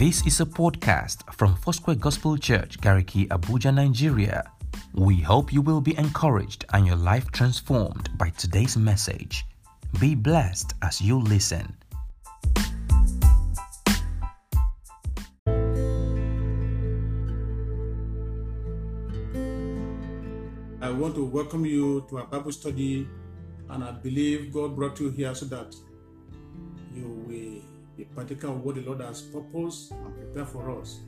This is a podcast from Foursquare Gospel Church, Gariki, Abuja, Nigeria. We hope you will be encouraged and your life transformed by today's message. Be blessed as you listen. I want to welcome you to our Bible study, and I believe God brought you here so that partaker of what the Lord has purposed and prepared for us.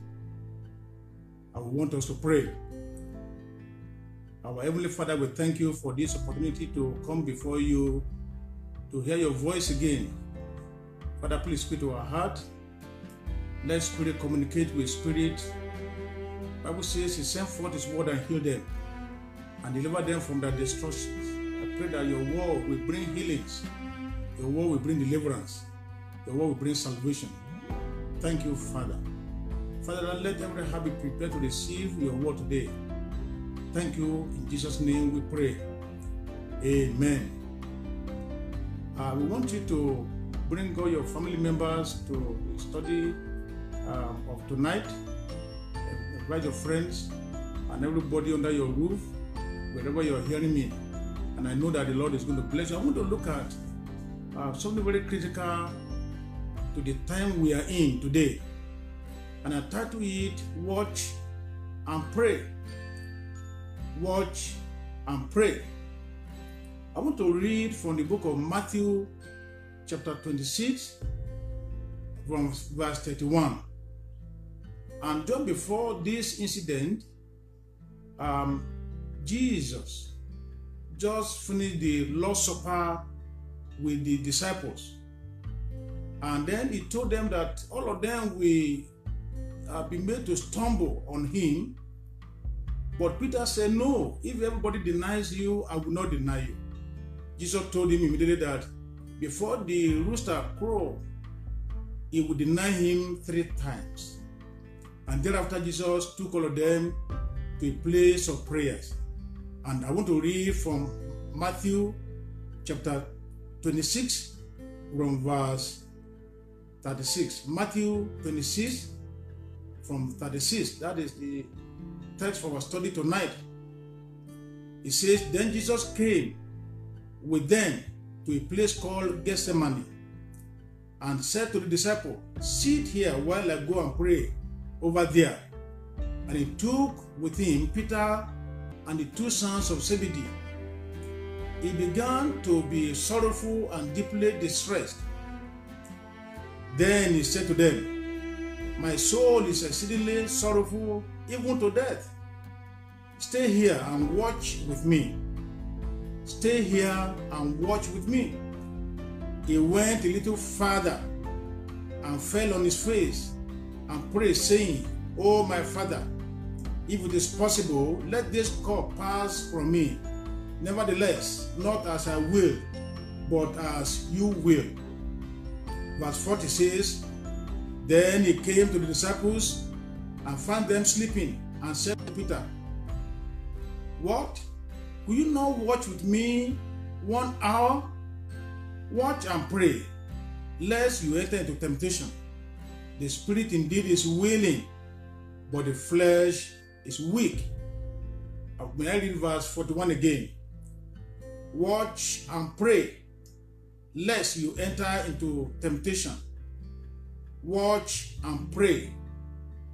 I want us to pray. Our Heavenly Father, we thank you for this opportunity to come before you to hear your voice again. Father, please speak to our heart. Let spirit communicate with spirit. Bible says he sent forth his word and healed them and delivered them from their destructions. I pray that your word will bring healings, your word will bring deliverance. Your word will bring salvation. Thank you, Father. Father, let every heart be prepared to receive your word today. Thank you. In Jesus' name we pray. Amen. Uh, we want you to bring all your family members to the study um, of tonight. Invite your friends and everybody under your roof, wherever you're hearing me. And I know that the Lord is going to bless you. I want to look at uh, something very critical to the time we are in today and attach to it watch and pray. Watch and pray. I want to read from the book of Matthew, chapter 26, from verse 31. And just before this incident, um, Jesus just finished the Lord's Supper with the disciples. And then he told them that all of them will uh, be made to stumble on him. But Peter said, No, if everybody denies you, I will not deny you. Jesus told him immediately that before the rooster crow, he would deny him three times. And thereafter, Jesus took all of them to a place of prayers. And I want to read from Matthew chapter 26, from verse 36. Matthew 26 from 36. That is the text for our study tonight. It says, Then Jesus came with them to a place called Gethsemane and said to the disciple, Sit here while I go and pray over there. And he took with him Peter and the two sons of Zebedee. He began to be sorrowful and deeply distressed. Then he said to them, My soul is exceedingly sorrowful, even to death. Stay here and watch with me. Stay here and watch with me. He went a little farther and fell on his face and prayed, saying, Oh, my father, if it is possible, let this cup pass from me. Nevertheless, not as I will, but as you will. Verse 40 says, Then he came to the disciples and found them sleeping and said to Peter, What? Will you not watch with me one hour? Watch and pray, lest you enter into temptation. The spirit indeed is willing, but the flesh is weak. May I read verse 41 again? Watch and pray, lest you enter into temptation. Watch and pray,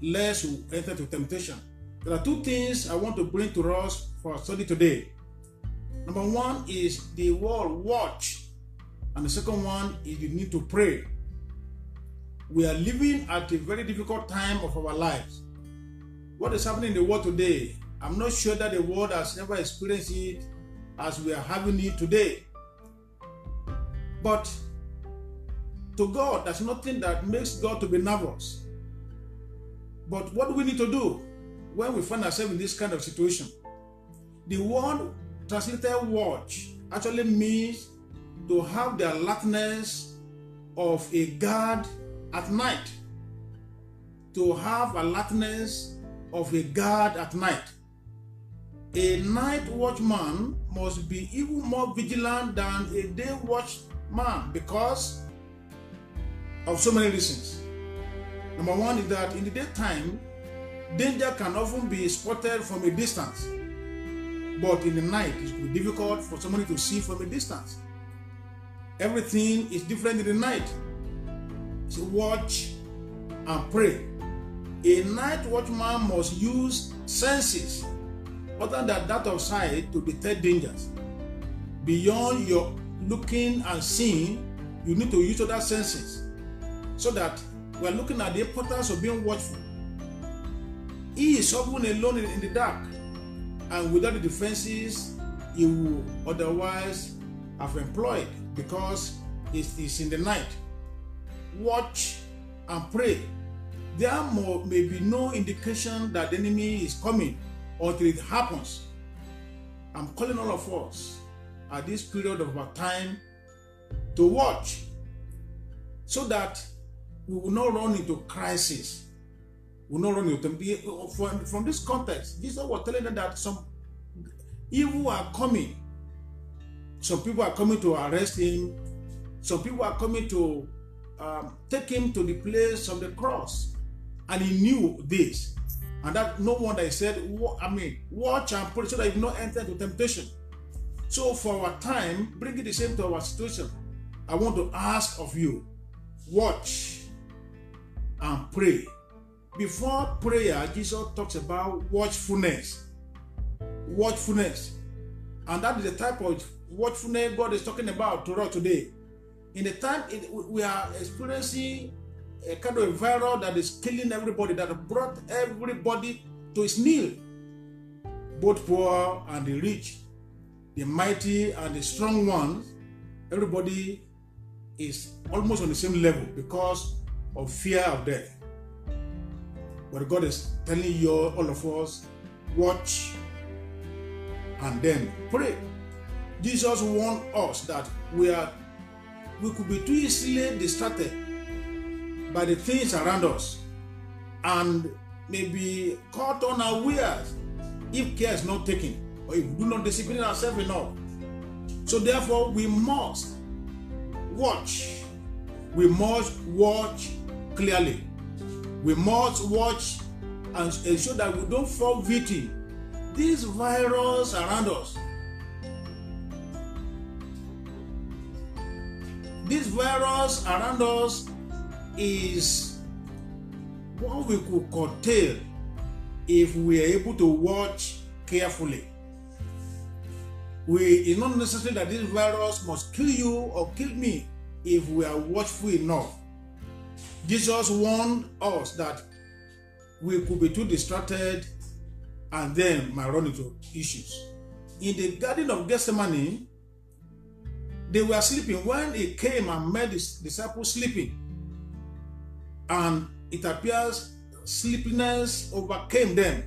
lest you enter into temptation. There are two things I want to bring to us for study today. Number one is the word watch, and the second one is you need to pray. We are living at a very difficult time of our lives. What is happening in the world today? I'm not sure that the world has never experienced it as we are having it today. But to God, there's nothing that makes God to be nervous. But what do we need to do when we find ourselves in this kind of situation? The word translated watch actually means to have the alertness of a guard at night. To have alertness of a guard at night. A night watchman must be even more vigilant than a day watch man because of so many reasons. Number one is that in the daytime, danger can often be spotted from a distance, but in the night, it could be difficult for somebody to see from a distance. Everything is different in the night. So watch and pray. A night watchman must use senses other than that of sight to detect dangers beyond your looking and seeing, you need to use other senses so that we are looking at the importance of being watchful. He is often alone in, the dark and without the defenses he would otherwise have employed because it is in the night. Watch and pray. There may be no indication that the enemy is coming until it happens. I'm calling all of us at this period of our time to watch so that we will not run into crisis. We will not run into from, from this context. Jesus was telling them that some evil are coming. Some people are coming to arrest him. Some people are coming to um, take him to the place of the cross. And he knew this. And that no wonder he said, I mean, watch and pray so that you not enter into temptation. So, for our time, bringing the same to our situation, I want to ask of you watch and pray. Before prayer, Jesus talks about watchfulness. Watchfulness. And that is the type of watchfulness God is talking about to us today. In the time it, we are experiencing a kind of a viral that is killing everybody, that brought everybody to its knee, both poor and the rich, the mighty and the strong ones, everybody is almost on the same level because of fear of death. But God is telling you, all of us, watch and then pray. Jesus warned us that we are we could be too easily distracted by the things around us and may be caught unawares if care is not taken or if we do not discipline ourselves enough. So therefore, we must watch. We must watch clearly. We must watch and ensure that we don't fall victim this virus around us. This virus around us is what we could curtail if we are able to watch carefully we it's not necessary that this virus must kill you or kill me if we are watchful enough jesus warned us that we could be too distracted and then might run into issues in the garden of gethsemane they were sleeping when he came and met the disciples sleeping and it appears sleepiness overcame them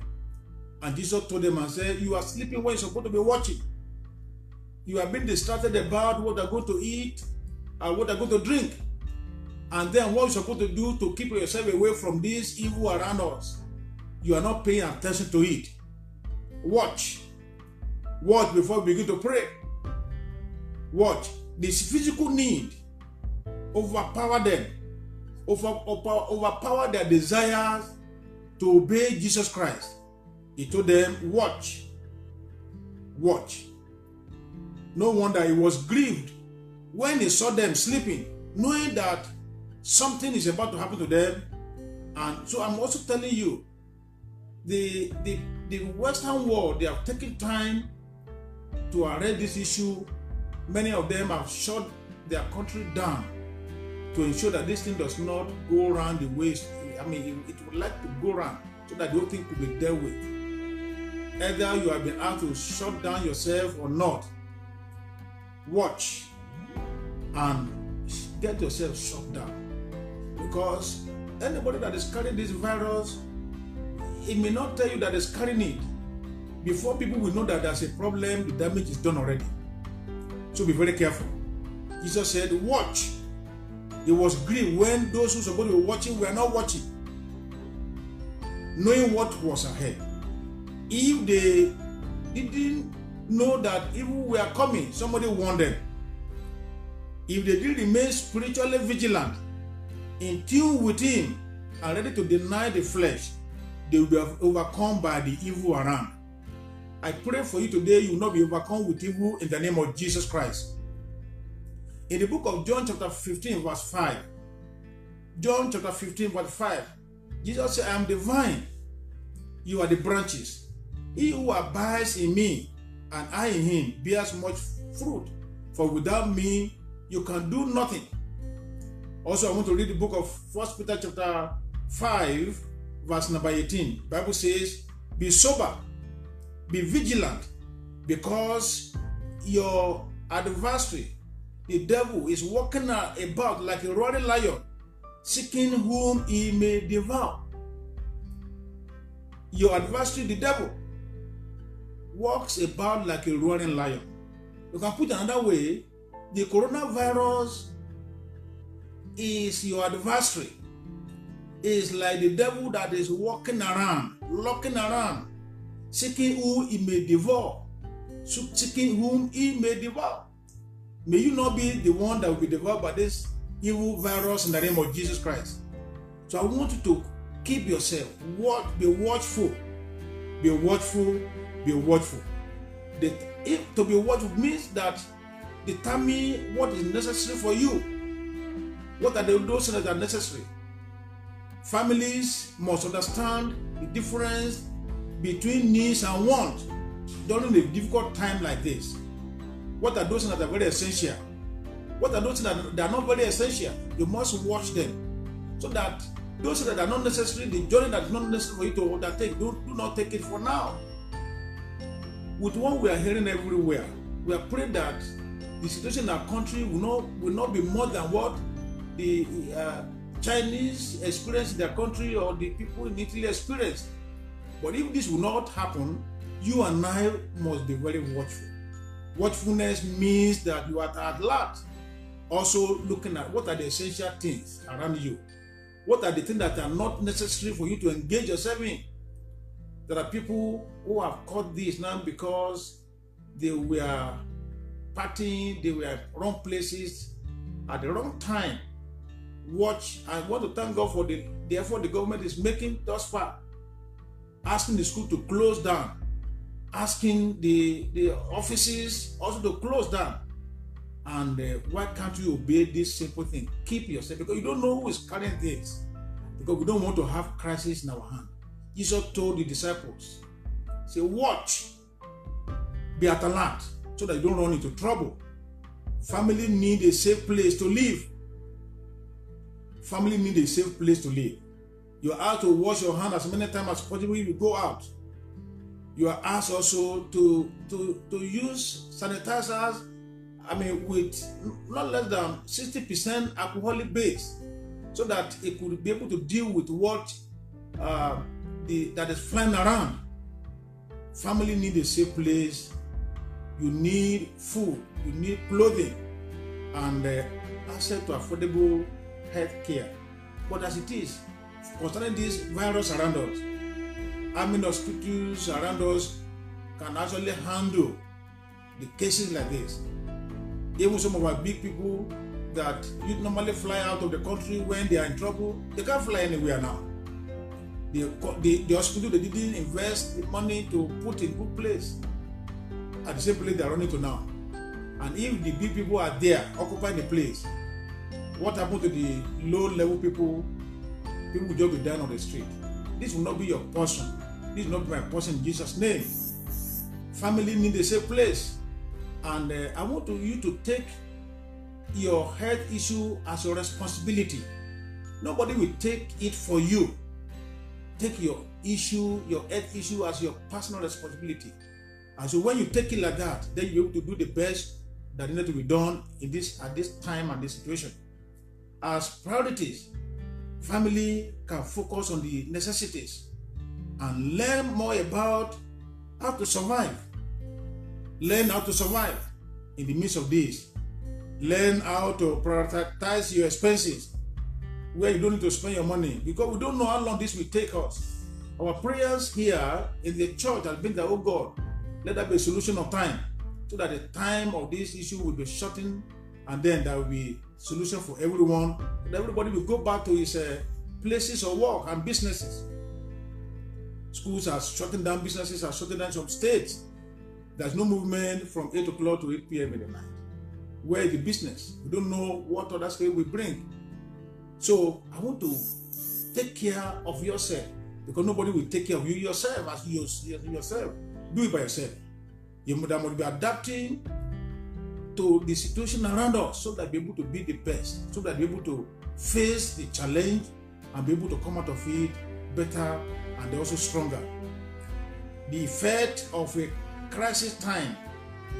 and jesus told them and said you are sleeping when you're supposed to be watching You have been distracted about what you're going to eat and what you're going to drink. And then what you're supposed to do to keep yourself away from this evil around us. You are not paying attention to it. Watch. Watch before you begin to pray. Watch. This physical need overpower them, over, over, overpower their desires to obey Jesus Christ. He told them, Watch. Watch. No wonder he was grieved when he saw them sleeping, knowing that something is about to happen to them. And so I'm also telling you, the the, the Western world they have taken time to array this issue. Many of them have shut their country down to ensure that this thing does not go around the waste. I mean it, it would like to go around so that the whole thing could be dealt with. Either you have been asked to shut down yourself or not watch and get yourself shut down because anybody that is carrying this virus it may not tell you that it's carrying it before people will know that there's a problem the damage is done already so be very careful jesus said watch it was grief when those who supposed to be watching were not watching knowing what was ahead if they didn't know that even we are coming, somebody warned them. If they did remain spiritually vigilant, in tune with Him, and ready to deny the flesh, they will be overcome by the evil around. I pray for you today, you will not be overcome with evil in the name of Jesus Christ. In the book of John, chapter 15, verse 5, John chapter 15, verse 5, Jesus said, I am the vine, you are the branches. He who abides in me and I in him bears much fruit. For without me, you can do nothing. Also, I want to read the book of First Peter chapter 5, verse number 18. Bible says, Be sober, be vigilant, because your adversary, the devil, is walking about like a roaring lion, seeking whom he may devour. Your adversary, the devil, walks about like a roaring lion. You can put it another way the coronavirus is your adversary, is like the devil that is walking around, looking around, seeking who he may devour, seeking whom he may devour. May you not be the one that will be devoured by this evil virus in the name of Jesus Christ. So I want you to keep yourself, watch, be watchful, be watchful be watchful. The, if to be watchful means that determine what is necessary for you. What are the, those that are necessary? Families must understand the difference between needs and wants during a difficult time like this. What are those that are very essential? What are those things that, that are not very essential? You must watch them so that those that are not necessary, the journey that is not necessary for you to undertake, do, do not take it for now with what we are hearing everywhere, we are praying that the situation in our country will not will not be more than what the uh, Chinese experience in their country or the people in Italy experience. But if this will not happen, you and I must be very watchful. Watchfulness means that you are at large, also looking at what are the essential things around you, what are the things that are not necessary for you to engage yourself in There are people who have caught this now because they were partying, they were at wrong places at the wrong time. Watch I want to thank God for the, the effort the government is making thus far. Asking the school to close down, asking the, the offices also to close down. And uh, why can't you obey this simple thing? Keep yourself because you don't know who is carrying things. Because we don't want to have crisis in our hand. Jesus told the disciples, Say, watch, be at alert, so that you don't run into trouble. Family need a safe place to live. Family need a safe place to live. You are to wash your hand as many times as possible if you go out. You are asked also to, to, to use sanitizers, I mean, with not less than 60% alcoholic base, so that it could be able to deal with what uh, the, that is flying around. Family need a safe place. You need food. You need clothing and uh, access to affordable health care. But as it is, concerning this virus around us, how many hospitals around us can actually handle the cases like this? Even some of our big people that you normally fly out of the country when they are in trouble, they can't fly anywhere now. The, the, the hospital, they didn't invest the money to put in good place at the same place they are running to now. And if the big people are there occupying the place, what happened to the low level people? People will just be dying on the street. This will not be your portion. This will not be my portion in Jesus' name. Family need the same place. And uh, I want to, you to take your health issue as your responsibility. Nobody will take it for you take your issue, your health issue as your personal responsibility. And so when you take it like that, then you have to do the best that needs to be done in this at this time and this situation. As priorities, family can focus on the necessities and learn more about how to survive. Learn how to survive in the midst of this. Learn how to prioritize your expenses where you don't need to spend your money because we don't know how long this will take us. Our prayers here in the church have been that, oh God, let there be a solution of time so that the time of this issue will be shortened and then there will be solution for everyone. And everybody will go back to his uh, places of work and businesses. Schools are shutting down, businesses are shutting down some states. There's no movement from 8 o'clock to 8 p.m. in the night. Where the business? We don't know what other state we bring. So I want to take care of yourself because nobody will take care of you yourself as you yourself. Do it by yourself. Your mother must be adapting to the situation around us so that be able to be the best, so that be able to face the challenge and be able to come out of it better and also stronger. The effect of a crisis time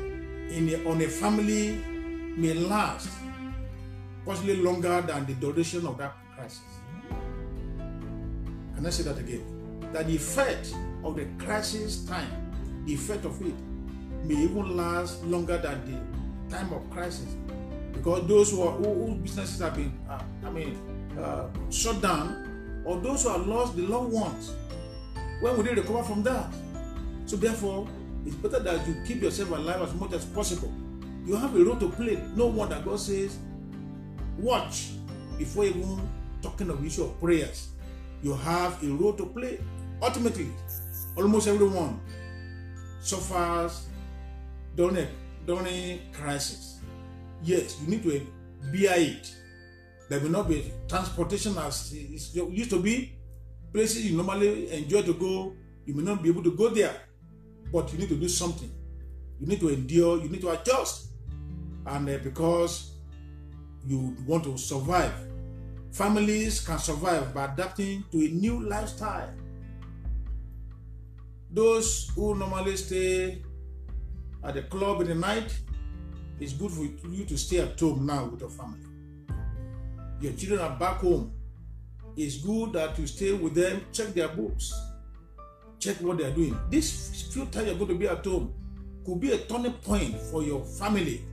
in a, on a family may last possibly longer than the duration of that crisis. Can I say that again? That the effect of the crisis time, the effect of it, may even last longer than the time of crisis, because those who are whose businesses have been, uh, I mean, uh, shut down, or those who have lost the loved ones, when will they recover from that? So therefore, it's better that you keep yourself alive as much as possible. You have a role to play. No wonder God says Watch before even talking of issue of prayers. You have a role to play. Ultimately, almost everyone suffers during a, during crisis. Yes, you need to bear it. There will not be transportation as it used to be. Places you normally enjoy to go, you may not be able to go there, but you need to do something. You need to endure. You need to adjust, and uh, because you want to survive. Families can survive by adapting to a new lifestyle. Those who normally stay at the club in the night, it's good for you to stay at home now with your family. Your children are back home. It's good that you stay with them, check their books, check what they are doing. This few times you're going to be at home could be a turning point for your family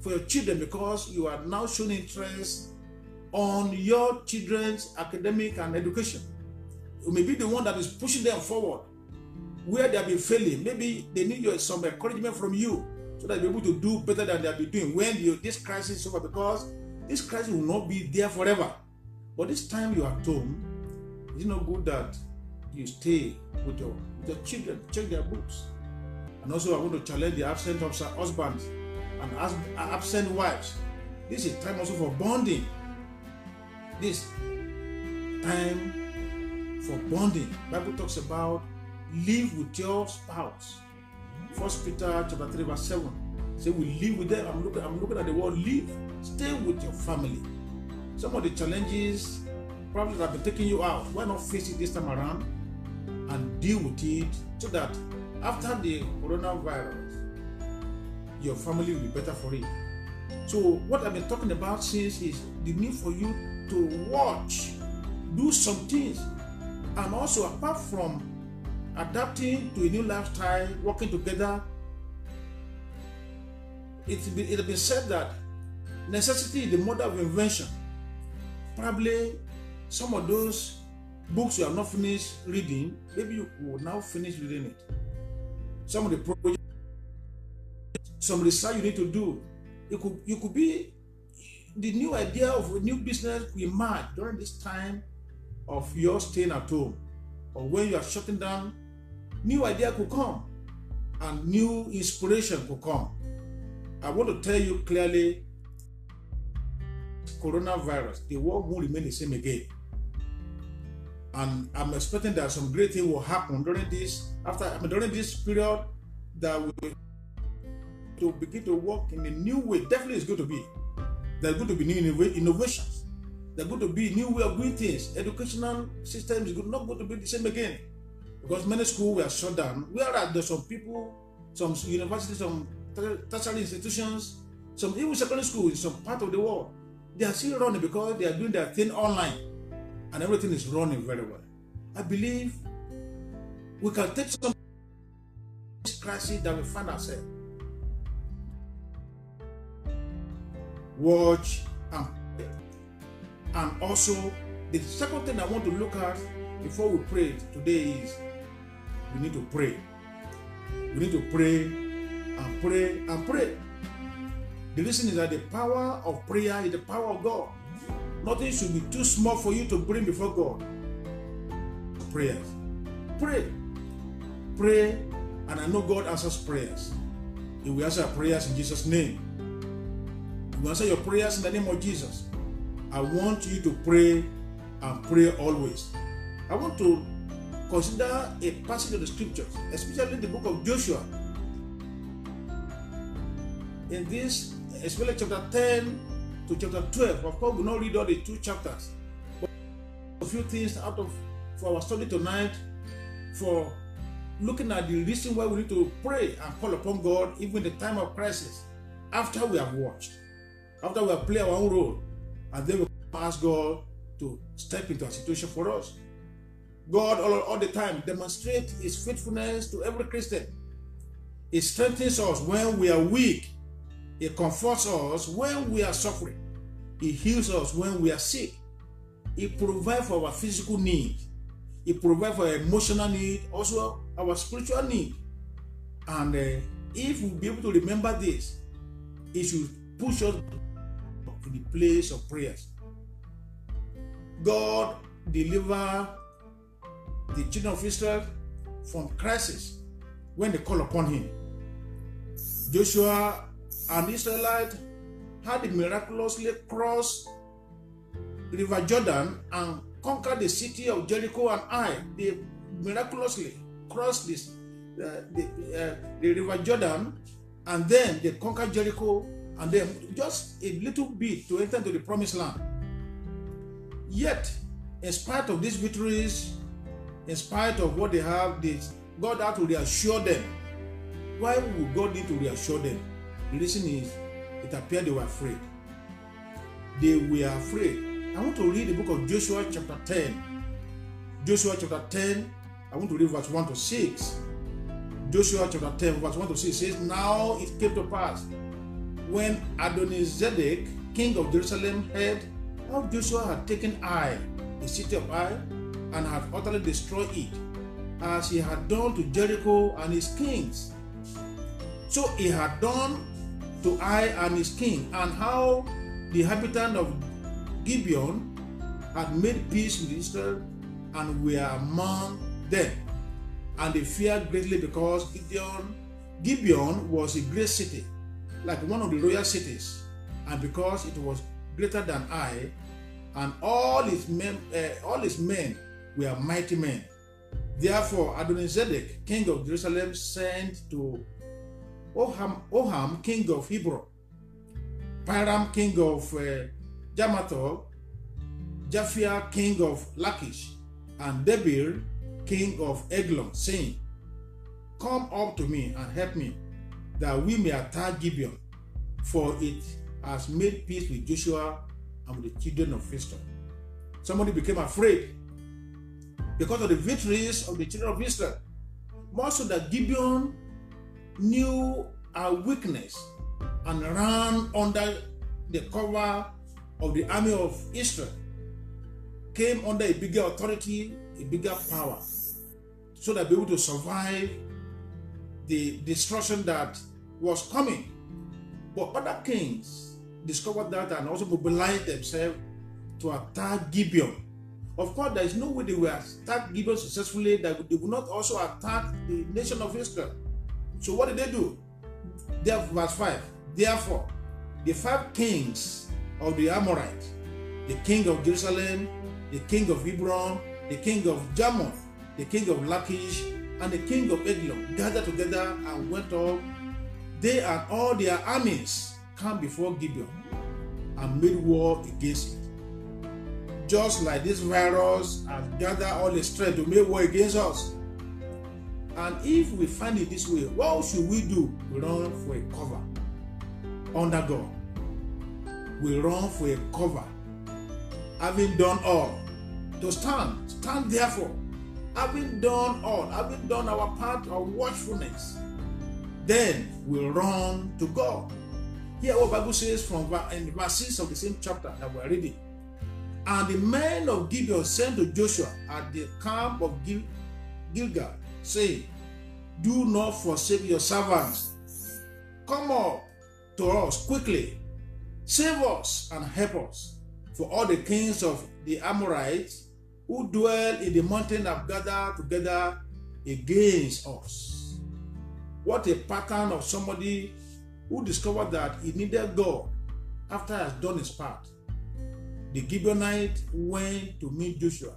for your children because you are now showing interest on your children's academic and education. You may be the one that is pushing them forward where they have been failing. Maybe they need your, some encouragement from you so that they able to do better than they have been doing when you, this crisis is over because this crisis will not be there forever. But this time you are at home, it's not good that you stay with your, with your children, check their books. And also, I want to challenge the absent husbands and absent wives. This is time also for bonding. This time for bonding. Bible talks about live with your spouse. First Peter chapter 3, verse 7. Say we live with them. I'm looking, I'm looking at the word live. Stay with your family. Some of the challenges problems that have been taking you out. Why not face it this time around and deal with it so that after the coronavirus your family will be better for it. So, what I've been talking about since is the need for you to watch, do some things, and also apart from adapting to a new lifestyle, working together. It has been said that necessity is the mother of invention. Probably some of those books you have not finished reading, maybe you will now finish reading it. Some of the projects some research you need to do. You could you could be the new idea of a new business could emerge during this time of your staying at home or when you are shutting down, new idea could come and new inspiration could come. I want to tell you clearly coronavirus, the world won't remain the same again. And I'm expecting that some great thing will happen during this after I mean, during this period that we to begin to work in a new way. Definitely, it's going to be. There's going to be new innovations. There's going to be new way of doing things. Educational system is not going to be the same again because many schools were shut down. Whereas there's some people, some universities, some tertiary institutions, some even secondary schools in some part of the world, they are still running because they are doing their thing online, and everything is running very well. I believe we can take some crisis that we find ourselves watch, and um, pray. And also, the second thing I want to look at before we pray today is we need to pray. We need to pray and pray and pray. The reason is that the power of prayer is the power of God. Nothing should be too small for you to bring before God. Prayers. Pray. Pray. And I know God answers prayers. He will answer prayers in Jesus' name will answer your prayers in the name of Jesus. I want you to pray and pray always. I want to consider a passage of the scriptures, especially the book of Joshua. In this, especially chapter 10 to chapter 12, of course, we will not read all the two chapters. But a few things out of for our study tonight for looking at the reason why we need to pray and call upon God even in the time of crisis after we have watched. After we play our own role, and then we ask God to step into a situation for us. God all, all the time demonstrates his faithfulness to every Christian. He strengthens us when we are weak. He comforts us when we are suffering. He heals us when we are sick. He provides for our physical needs. He provides for our emotional need, also our spiritual need. And uh, if we we'll be able to remember this, it should push us to the place of prayers. God delivered the children of Israel from crisis when they call upon him. Joshua and Israelite had miraculously crossed River Jordan and conquered the city of Jericho and Ai. They miraculously crossed this, uh, the, uh, the River Jordan and then they conquered Jericho and then just a little bit to enter into the promised land. Yet, in spite of these victories, in spite of what they have, they, God had to reassure them. Why would God need to reassure them? The reason is it appeared they were afraid. They were afraid. I want to read the book of Joshua, chapter 10. Joshua, chapter 10, I want to read verse 1 to 6. Joshua, chapter 10, verse 1 to 6 says, Now it came to pass when Adonizedek, king of Jerusalem, heard how Joshua had taken Ai, the city of Ai, and had utterly destroyed it, as he had done to Jericho and his kings. So he had done to Ai and his king, and how the inhabitants of Gibeon had made peace with Israel and were among them. And they feared greatly because Gideon, Gibeon was a great city like one of the royal cities, and because it was greater than I, and all his men, uh, all his men were mighty men. Therefore, Adonizedek, king of Jerusalem, sent to Oham, Oham king of Hebron, Piram, king of uh, Japhia, king of Lachish, and Debir, king of Eglon, saying, Come up to me and help me. that we may attack Gibeon, for it has made peace with Joshua and with the children of Israel. Somebody became afraid because of the victories of the children of Israel. More so that Gibeon knew our weakness and ran under the cover of the army of Israel, came under a bigger authority, a bigger power, so that be able to survive the destruction that was coming. But other kings discovered that and also mobilized themselves to attack Gibeon. Of course, there is no way they will attack Gibeon successfully that they will not also attack the nation of Israel. So what did they do? Therefore, verse 5. Therefore, the five kings of the Amorites, the king of Jerusalem, the king of Hebron, the king of Jarmuth, the king of Lachish, and the king of Eglon gathered together and went up They and all their armies came before Gibeon and made war against it. Just like this virus has gathered all its strength to make war against us. And if we find it this way, what should we do? We run for a cover under God. We run for a cover, having done all to stand. Stand therefore, having done all, having done our part of watchfulness then we'll run to God. Here, what Bible says from in verse 6 of the same chapter that we're reading. And the men of Gibeon sent to Joshua at the camp of Gil- Gilgal, saying, Do not forsake your servants. Come up to us quickly. Save us and help us. For all the kings of the Amorites who dwell in the mountain have gathered together against us. What a pattern of somebody who discovered that he needed God after he has done his part. The Gibeonite went to meet Joshua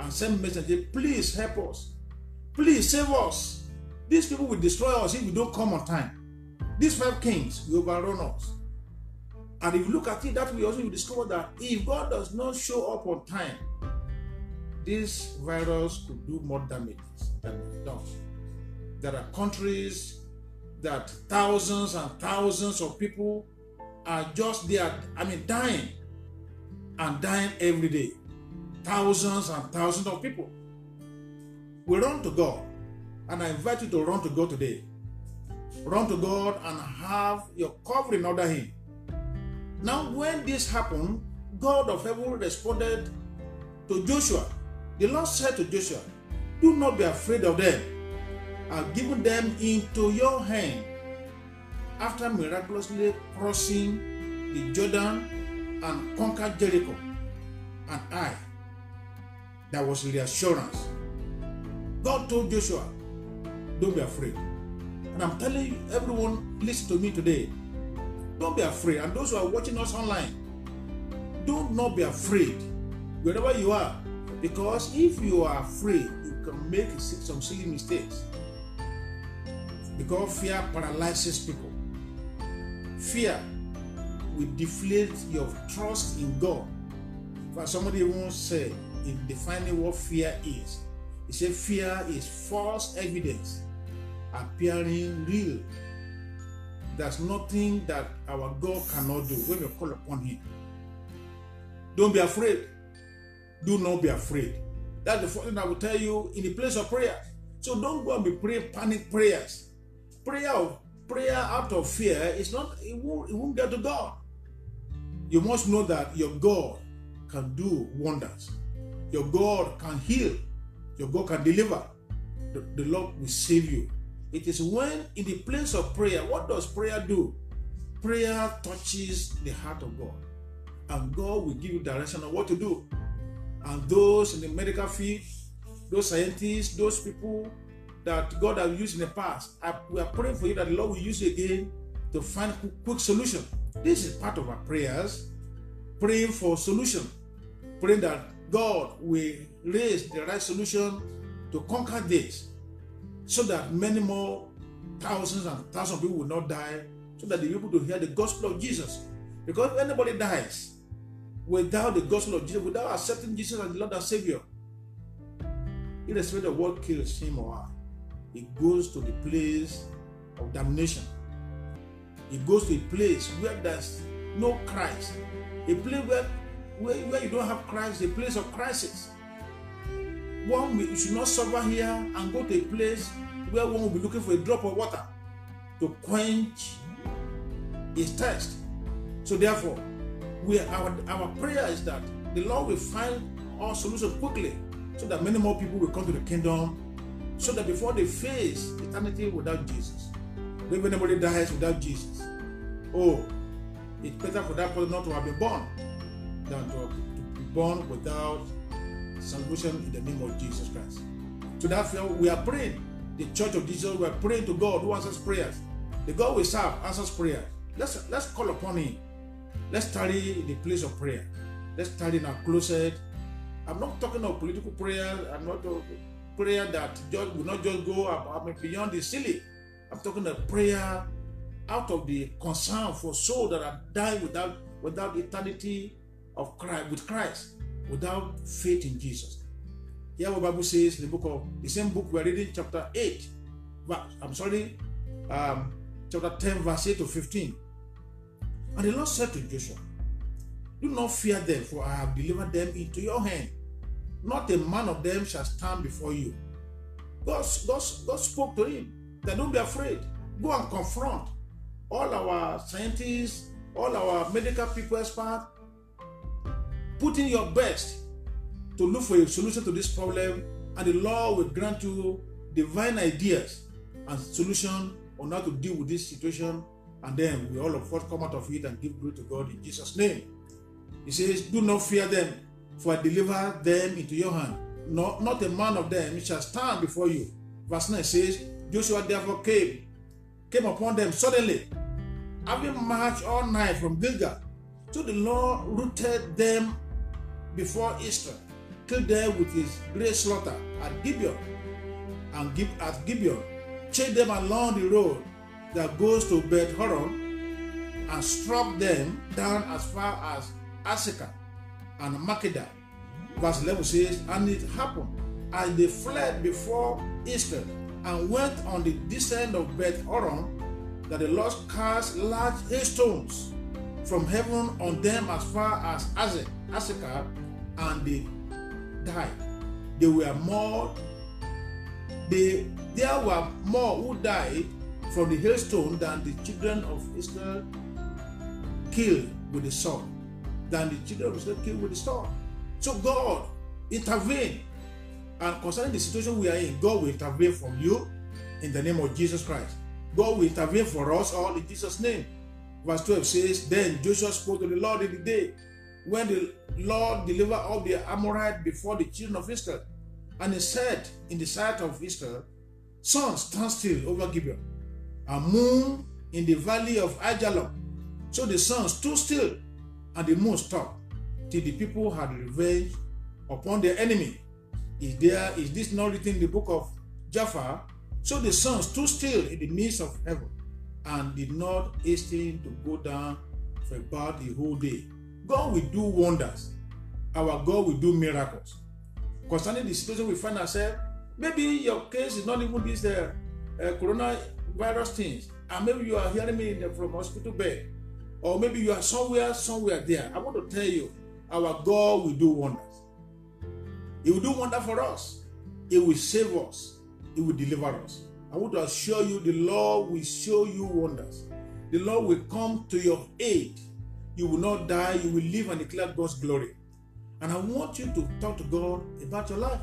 and sent message, please help us. Please save us. These people will destroy us if we don't come on time. These five kings will overrun us. And if you look at it that way, also you discover that if God does not show up on time, this virus could do more damage than it does. There are countries that thousands and thousands of people are just there, I mean, dying and dying every day. Thousands and thousands of people. We run to God, and I invite you to run to God today. Run to God and have your covering under Him. Now, when this happened, God of heaven responded to Joshua. The Lord said to Joshua, Do not be afraid of them I've given them into your hand. After miraculously crossing the Jordan and conquered Jericho, and I, that was reassurance. God told Joshua, Don't be afraid. And I'm telling everyone, listen to me today. Don't be afraid. And those who are watching us online, do not be afraid wherever you are. Because if you are afraid, you can make some silly mistakes. because fear paralyzes people. Fear will deflate your trust in God. But somebody once said, in defining what fear is, he said, Fear is false evidence appearing real. There's nothing that our God cannot do when we call upon Him. Don't be afraid. Do not be afraid. That's the first thing I will tell you in the place of prayer. So don't go and be praying panic prayers prayer of prayer out of fear is not it won't, it won't get to god you must know that your god can do wonders your god can heal your god can deliver the, the lord will save you it is when in the place of prayer what does prayer do prayer touches the heart of god and god will give you direction on what to do and those in the medical field those scientists those people that God has used in the past. I, we are praying for you that the Lord will use you again to find quick solution. This is part of our prayers, praying for solution, praying that God will raise the right solution to conquer this, so that many more thousands and thousands of people will not die, so that they be able to hear the gospel of Jesus. Because if anybody dies without the gospel of Jesus, without accepting Jesus as Lord and Savior, irrespective of what kills him or her, it goes to the place of damnation. It goes to a place where there's no Christ, a place where, where, where you don't have Christ, a place of crisis. One you should not suffer here and go to a place where one will be looking for a drop of water to quench his thirst. So therefore, we our, our prayer is that the Lord will find our solution quickly so that many more people will come to the kingdom so that before they face eternity without Jesus, if anybody dies without Jesus, oh, it's better for that person not to have been born than to be born without salvation in the name of Jesus Christ. To that field, we are praying. The Church of Jesus, we are praying to God who answers prayers. The God we serve answers prayers. Let's let's call upon Him. Let's study the place of prayer. Let's study in our closet. I'm not talking of political prayer. I'm not talking prayer that just will not just go I mean, beyond the silly. I'm talking a prayer out of the concern for souls that are dying without without eternity of Christ with Christ, without faith in Jesus. Here what Bible says in the book of the same book we're reading, chapter 8, but I'm sorry, um, chapter 10, verse 8 to 15. And the Lord said to Joshua, Do not fear them, for I have delivered them into your hand. Not a man of them shall stand before you. God, God, God spoke to him that don't be afraid. Go and confront all our scientists, all our medical people experts. Put in your best to look for a solution to this problem, and the Lord will grant you divine ideas and solution on how to deal with this situation. And then we all of us come out of it and give glory to God in Jesus' name. He says, Do not fear them, for I deliver them into your hand. No, not a man of them shall stand before you. Verse 9 says, Joshua therefore came, came upon them suddenly, having marched all night from Gilgal. So the Lord routed them before Israel, killed them with his great slaughter at Gibeon, and Gib- at Gibeon, chased them along the road that goes to Beth Horon, and struck them down as far as Asika and Makeda. Verse 11 says, And it happened as they fled before Israel, and went on the descent of Beth Horon that the Lord cast large hailstones from heaven on them as far as Azekah, and they died. They were more. They, there were more who died from the hailstone than the children of Israel killed with the sword than the children of Israel killed with the sword. So God intervened. And concerning the situation we are in, God will intervene for you in the name of Jesus Christ. God will intervene for us all in Jesus' name. Verse 12 says, Then Joshua spoke to the Lord in the day when the Lord delivered all the Amorite before the children of Israel. And he said in the sight of Israel, Sun, stand still over Gibeon, and moon in the valley of Ajalon. So the sun stood still and the moon stopped till the people had revenge upon their enemy. Is there is this not written in the book of Japhar? So the sun stood still in the midst of heaven and did not hasten to go down for about the whole day. God will do wonders. Our God will do miracles. Concerning the situation we find ourselves, maybe your case is not even this uh, uh, coronavirus things, and maybe you are hearing me from hospital bed Or maybe you are somewhere, somewhere there. I want to tell you, our God will do wonders. He will do wonder for us. He will save us. He will deliver us. I want to assure you, the Lord will show you wonders. The Lord will come to your aid. You will not die. You will live and declare God's glory. And I want you to talk to God about your life.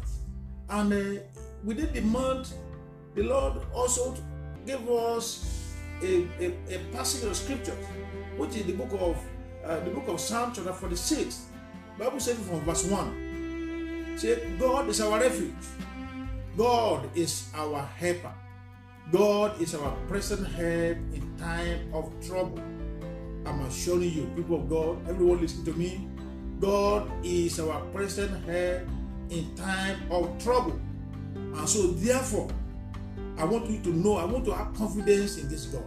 And uh, within the month, the Lord also gave us a, a, a passage of scripture which is the book of uh, the book of Psalm chapter 46. Bible says from verse 1. Say, God is our refuge. God is our helper. God is our present help in time of trouble. I'm assuring you, people of God, everyone listen to me. God is our present help in time of trouble. And so, therefore, I want you to know, I want to have confidence in this God.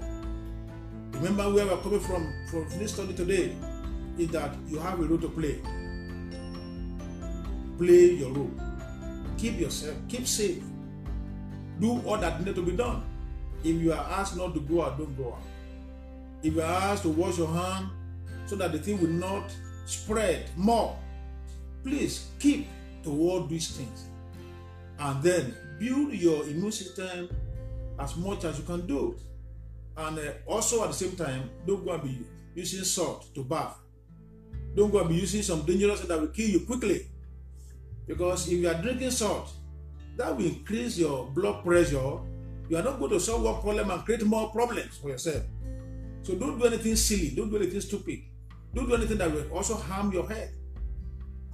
Remember where we're coming from from this study today is that you have a role to play. Play your role. Keep yourself, keep safe. Do all that need to be done. If you are asked not to go out, don't go out. If you are asked to wash your hand so that the thing will not spread more, please keep to all these things. And then build your immune system as much as you can do and uh, also at the same time, don't go and be using salt to bath. Don't go and be using some dangerous that will kill you quickly. Because if you are drinking salt, that will increase your blood pressure. You are not going to solve one problem and create more problems for yourself. So don't do anything silly, don't do anything stupid, don't do anything that will also harm your health.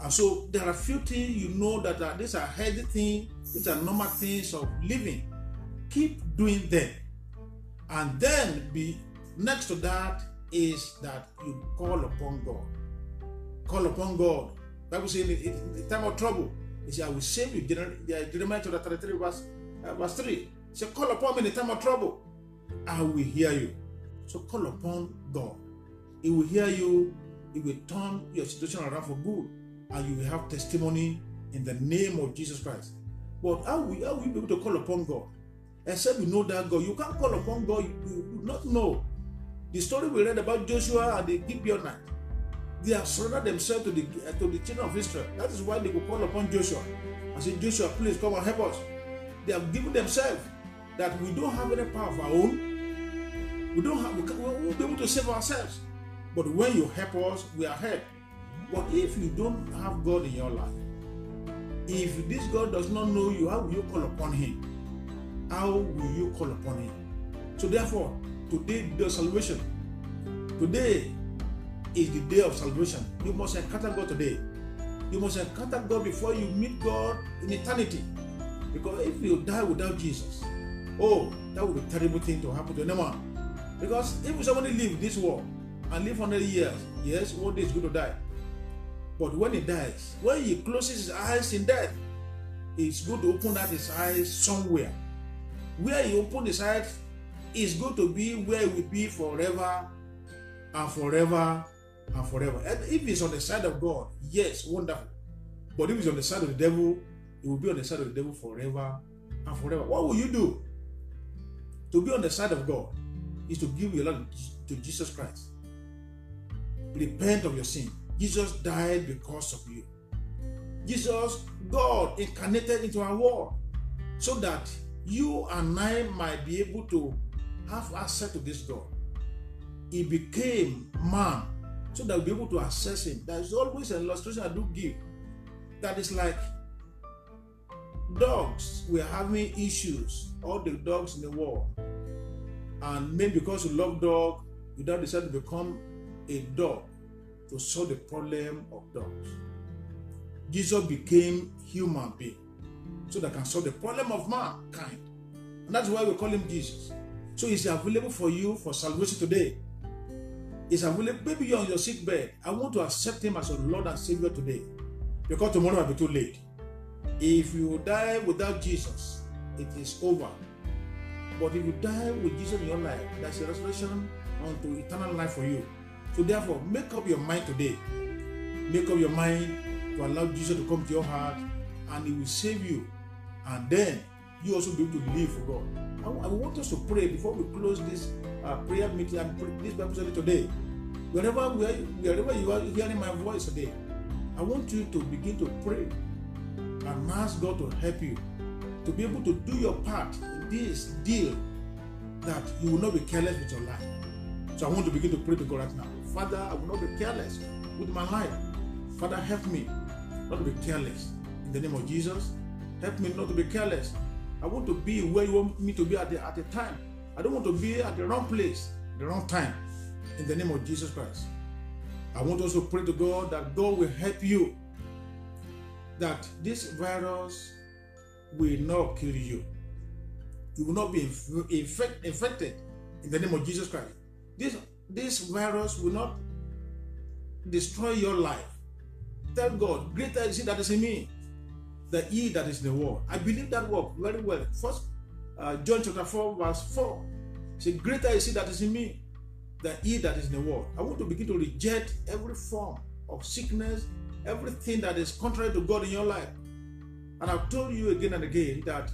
And so there are a few things you know that are, these are healthy things, these are normal things of living. Keep doing them And then be next to that is that you call upon God. Call upon God. Bible says in the, time of trouble, He said, "I will save you." Jeremiah chapter thirty-three, verse uh, verse three. He said, "Call upon me in the time of trouble, I will hear you." So call upon God. He will hear you. He will turn your situation around for good, and you will have testimony in the name of Jesus Christ. But how will, how will you be able to call upon God? Except you know that God. You can't call upon God, you, do not know. The story we read about Joshua and the Gibeonites, they have surrendered themselves to the, uh, to the children of Israel. That is why they could call upon Joshua and say, Joshua, please come and help us. They have given themselves that we don't have any power of our own. We don't have, we won't be able to save ourselves. But when you help us, we are helped. But if you don't have God in your life, if this God does not know you, how will you call upon Him? how will you call upon Him? So, therefore, today the salvation. Today is the day of salvation. You must encounter God today. You must encounter God before you meet God in eternity. Because if you die without Jesus, oh, that would be terrible thing to happen to anyone. Because if somebody live this world and live hundred years, yes, one day is going to die. But when he dies, when he closes his eyes in death, he is going to open up his eyes somewhere where he opened his heart is going to be where he will be forever and forever and forever. And if it's on the side of God, yes, wonderful. But if it's on the side of the devil, it will be on the side of the devil forever and forever. What will you do? To be on the side of God is to give your life to Jesus Christ. Repent of your sin. Jesus died because of you. Jesus, God, incarnated into our world so that you and I might be able to have access to this God. He became man so that we'll be able to access him. There is always an illustration I do give that is like dogs were having issues, all the dogs in the world. And maybe because you love dog, you don't decide to become a dog to solve the problem of dogs. Jesus became human being so that can solve the problem of mankind. And that's why we call him Jesus. So he's available for you for salvation today. He's available. Maybe you're on your sick bed. I want to accept him as your Lord and Savior today. Because tomorrow will be too late. If you die without Jesus, it is over. But if you die with Jesus in your life, that's a resurrection unto eternal life for you. So therefore, make up your mind today. Make up your mind to allow Jesus to come to your heart and He will save you. And then you also be able to live for God. I, I want us to pray before we close this uh, prayer meeting and pray, this episode today. Wherever we are, wherever you are hearing my voice today, I want you to begin to pray and ask God to help you to be able to do your part in this deal that you will not be careless with your life. So I want to begin to pray to God right now. Father, I will not be careless with my life. Father, help me not to be careless in the name of Jesus. Help me not to be careless. I want to be where you want me to be at the, at the time. I don't want to be at the wrong place, the wrong time. In the name of Jesus Christ. I want also pray to God that God will help you. That this virus will not kill you. You will not be infect, infected in the name of Jesus Christ. This, this virus will not destroy your life. Tell God, greater is He that is in me the e that is the world. I believe that word very well. First uh, John chapter 4, verse 4. Say, greater is he that is in me than he that is in the world. I want to begin to reject every form of sickness, everything that is contrary to God in your life. And I've told you again and again that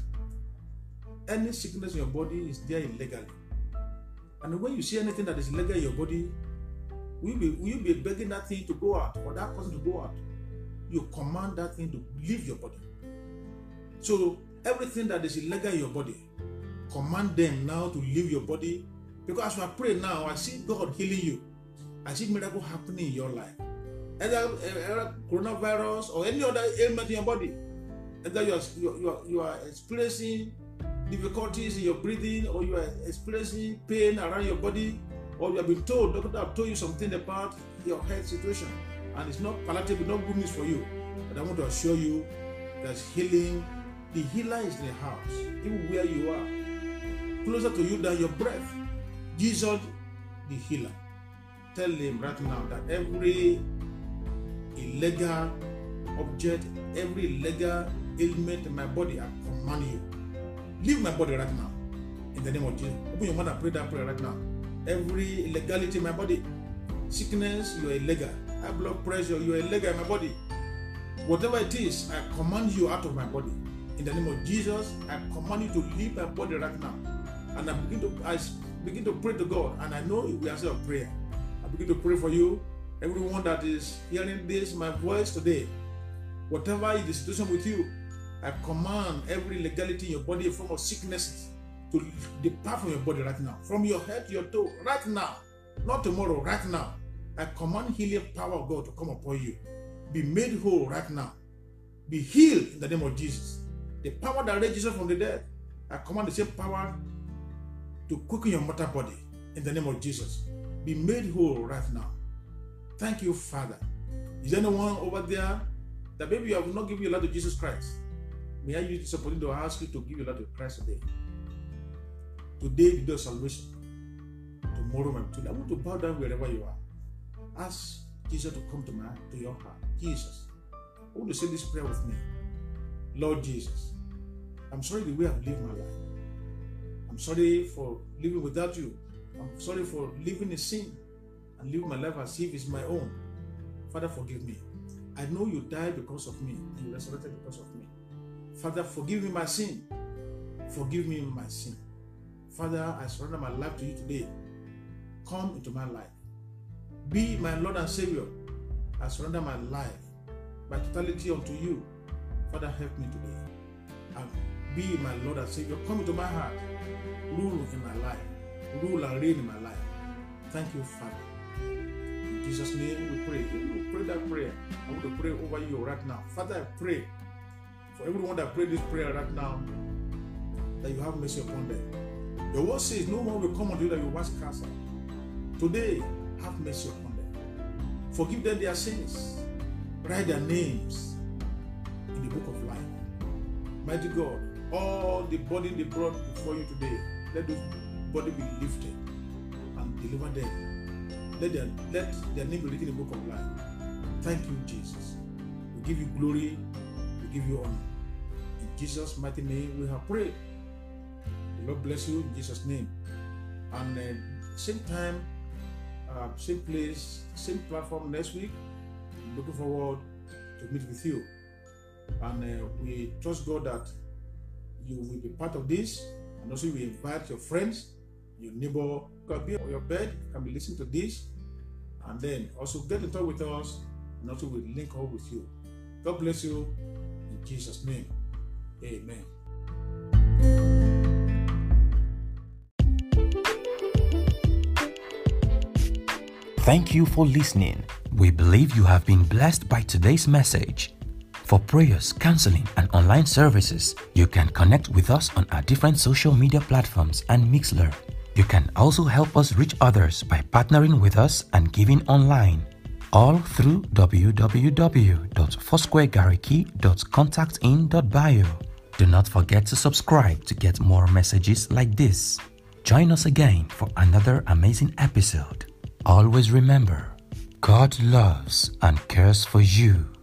any sickness in your body is there illegally. And when you see anything that is illegal in your body, will you be, will you be begging that thing to go out or that person to go out? you command that thing to leave your body. So everything that is illegal in your body, command them now to leave your body. Because as I pray now, I see God healing you. I see miracle happening in your life. Either, either coronavirus or any other ailment in your body. Either you are, you, are, you are experiencing difficulties in your breathing or you are experiencing pain around your body or you have been told, doctor have told you something about your health situation and it's not palatable, not good news for you. But I want to assure you that healing, the healer is in the house, even where you are, closer to you than your breath. Jesus, the healer. Tell him right now that every illegal object, every illegal ailment in my body, I command you. Leave my body right now. In the name of Jesus. Open your mouth and pray that prayer right now. Every illegality in my body, sickness, you are illegal. high blood pressure, you're a leg in my body. Whatever it is, I command you out of my body. In the name of Jesus, I command you to leave my body right now. And I begin to I begin to pray to God. And I know we a prayer. I begin to pray for you. Everyone that is hearing this, my voice today, whatever is the situation with you, I command every legality in your body, a form of sickness, to depart from your body right now. From your head, your toe, right now. Not tomorrow, right now. I command healing power of God to come upon you. Be made whole right now. Be healed in the name of Jesus. The power that raised Jesus from the dead, I command the same power to quicken your mortal body in the name of Jesus. Be made whole right now. Thank you, Father. Is there anyone over there that maybe you have not given your life to Jesus Christ? May I use this opportunity to ask you to give your life to Christ today? Today, you do salvation. Tomorrow, my children. I want to bow down wherever you are ask Jesus to come to, my, to your heart. Jesus, I want to say this prayer with me. Lord Jesus, I'm sorry the way I've lived my life. I'm sorry for living without you. I'm sorry for living in sin and living my life as if it's my own. Father, forgive me. I know you died because of me and you resurrected because of me. Father, forgive me my sin. Forgive me my sin. Father, I surrender my life to you today. Come into my life. Be my Lord and Savior. I surrender my life, my totality unto you. Father, help me today. And um, be my Lord and Savior. Come into my heart. Rule in my life. Rule and reign in my life. Thank you, Father. In Jesus' name we pray. pray that prayer. I want to pray over you right now. Father, I pray for everyone that prayed this prayer right now that you have mercy upon them. The word says, No one will come unto you that you watch cast Today, have mercy upon them. Forgive them their sins. Write their names in the book of life. Mighty God, all the body they brought before you today, let this body be lifted and deliver them. Let their, let their name be written in the book of life. Thank you, Jesus. We give you glory. We give you honor. In Jesus' mighty name, we have prayed. The Lord bless you in Jesus' name. And uh, same time, uh, same place, same platform next week. Looking forward to meet with you. And uh, we trust God that you will be part of this. And also, we invite your friends, your neighbor, can be on your bed, can be listening to this. And then also get in touch with us, and also we'll link up with you. God bless you in Jesus' name. Amen. Thank you for listening. We believe you have been blessed by today's message. For prayers, counseling, and online services, you can connect with us on our different social media platforms and Mixler. You can also help us reach others by partnering with us and giving online, all through www.foursquaregariki.contactin.bio. Do not forget to subscribe to get more messages like this. Join us again for another amazing episode. Always remember, God loves and cares for you.